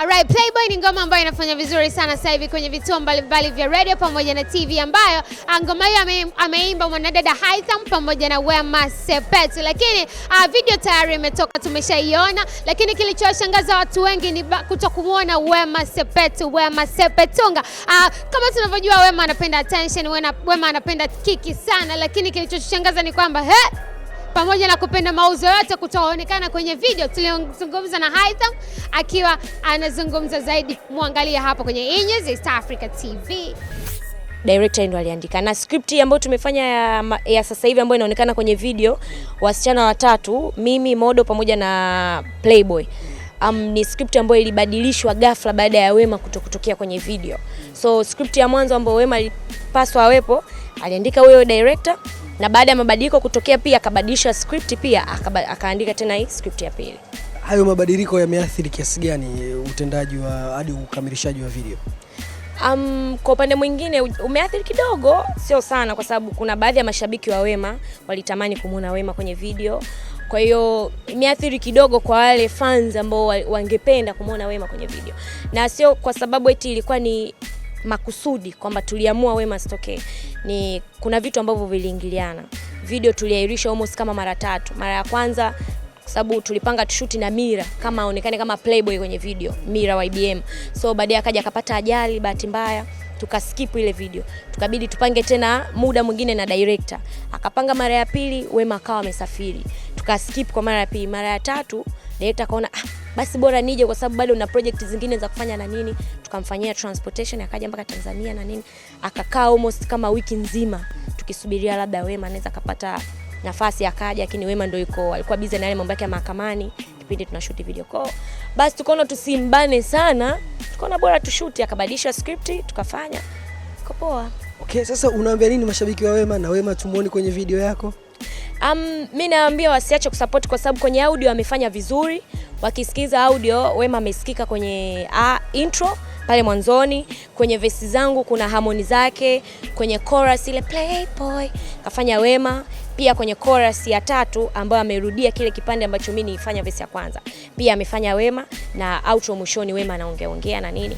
Alright, Playboy ni ngoma ambayo inafanya vizuri sana sasa hivi kwenye vituo mbalimbali vya radio pamoja na TV ambayo ah, ngoma hiyo ameimba mwanadada Haitham pamoja na Wema Sepetu, lakini uh, video tayari imetoka tumeshaiona, lakini kilichowashangaza watu wengi ni kuto kumwona Wema Sepetu, Wema Sepetunga. Uh, ah, kama tunavyojua Wema anapenda attention, Wema anapenda kiki sana, lakini kilichoshangaza ni kwamba he pamoja na kupenda mauzo yote kutoonekana kwenye video, tulizungumza na Haitham akiwa anazungumza zaidi, mwangalia hapo kwenye E-News East Africa TV. Director ndo aliandika na script ambayo tumefanya ya, ya sasa hivi ambayo inaonekana kwenye video, wasichana watatu, mimi Modo pamoja na Playboy. Um, ni script ambayo ilibadilishwa ghafla baada ya Wema kuto kutokea kwenye video. So script ya mwanzo ambayo Wema alipaswa awepo aliandika huyo director na baada ya mabadiliko kutokea pia akabadilisha script pia akaandika tena hii script ya pili. Hayo mabadiliko yameathiri kiasi gani eh, utendaji wa hadi ukamilishaji wa video? Um, kwa upande mwingine umeathiri kidogo, sio sana, kwa sababu kuna baadhi ya mashabiki wa Wema walitamani kumwona Wema kwenye video. Kwa hiyo imeathiri kidogo kwa wale fans ambao wangependa kumwona Wema kwenye video, na sio kwa sababu eti ilikuwa ni makusudi kwamba tuliamua Wema asitokee ni kuna vitu ambavyo viliingiliana. Video tuliahirisha almost kama mara tatu. Mara ya kwanza sababu tulipanga tushuti na Mira kama aonekane kama playboy kwenye video, Mira wa IBM. So baadaye akaja akapata ajali bahati mbaya tukaskip ile video, tukabidi tupange tena muda mwingine na director akapanga mara ya pili, Wema akawa amesafiri, tukaskip kwa mara ya pili. Mara ya tatu director akaona ah, basi bora nije, kwa sababu bado una project zingine za kufanya na nini. Tukamfanyia transportation akaja mpaka Tanzania na nini, akakaa almost kama wiki nzima tukisubiria labda Wema anaweza kapata nafasi akaja, lakini Wema ndio yuko alikuwa busy na yale mambo yake ya mahakamani kipindi tunashuti video kwao. Basi tukaona tusimbane sana, tukaona bora tushuti. Akabadilisha script tukafanya, ikapoa. Okay, sasa unaambia nini mashabiki wa Wema na Wema tumuone kwenye video yako? Um, mi naambia wasiache kusupport kwa sababu kwenye audio amefanya vizuri. Wakisikiza audio, Wema amesikika kwenye a, intro pale mwanzoni, kwenye vesi zangu kuna harmoni zake, kwenye chorus ile playboy kafanya Wema pia kwenye chorus ya tatu ambayo amerudia kile kipande ambacho mimi nilifanya vesi ya kwanza, pia amefanya Wema na outro mwishoni, Wema anaongeaongea na nini.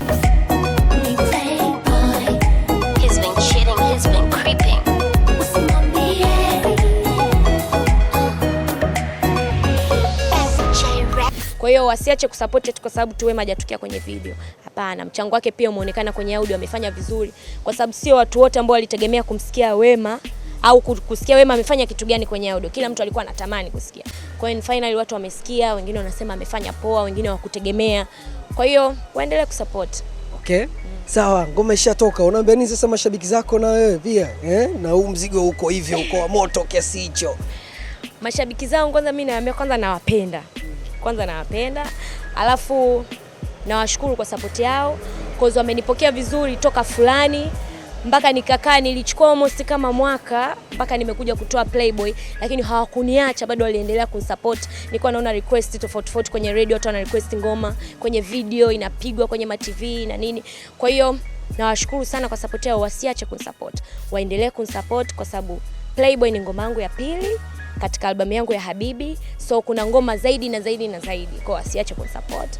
Kwa hiyo wasiache kusupport tu kwa sababu tu Wema hajatukia kwenye video. Hapana, mchango wake pia umeonekana kwenye audio, amefanya vizuri, kwa sababu sio watu wote ambao walitegemea kumsikia Wema au kusikia Wema amefanya kitu gani kwenye audio. Kila mtu alikuwa anatamani kusikia. Kwa hiyo finally watu wamesikia, wengine wanasema amefanya poa, wengine wakutegemea. Kwa hiyo waendelee kusupport. Okay. Sawa, ngoma ishatoka. Unaambia nini sasa mashabiki zako na wewe pia? Eh? Na huu mzigo uko hivyo uko wa moto kiasi hicho. Mashabiki zangu kwanza mimi naambia kwanza nawapenda. Mm kwanza nawapenda, alafu nawashukuru kwa sapoti yao cause wamenipokea vizuri toka fulani mpaka nikakaa, nilichukua almost kama mwaka mpaka nimekuja kutoa Playboy, lakini hawakuniacha bado, waliendelea kunisupport. Nilikuwa naona request tofauti tofauti kwenye radio, watu wana request ngoma kwenye video inapigwa kwenye ma na nini. Kwa hiyo nawashukuru sana kwa support yao, wasiache kunisupport, waendelee kunisupport kwa sababu Playboy ni ngoma yangu ya pili katika albamu yangu ya Habibi, so kuna ngoma zaidi na zaidi na zaidi, kwa asiache kunisupport.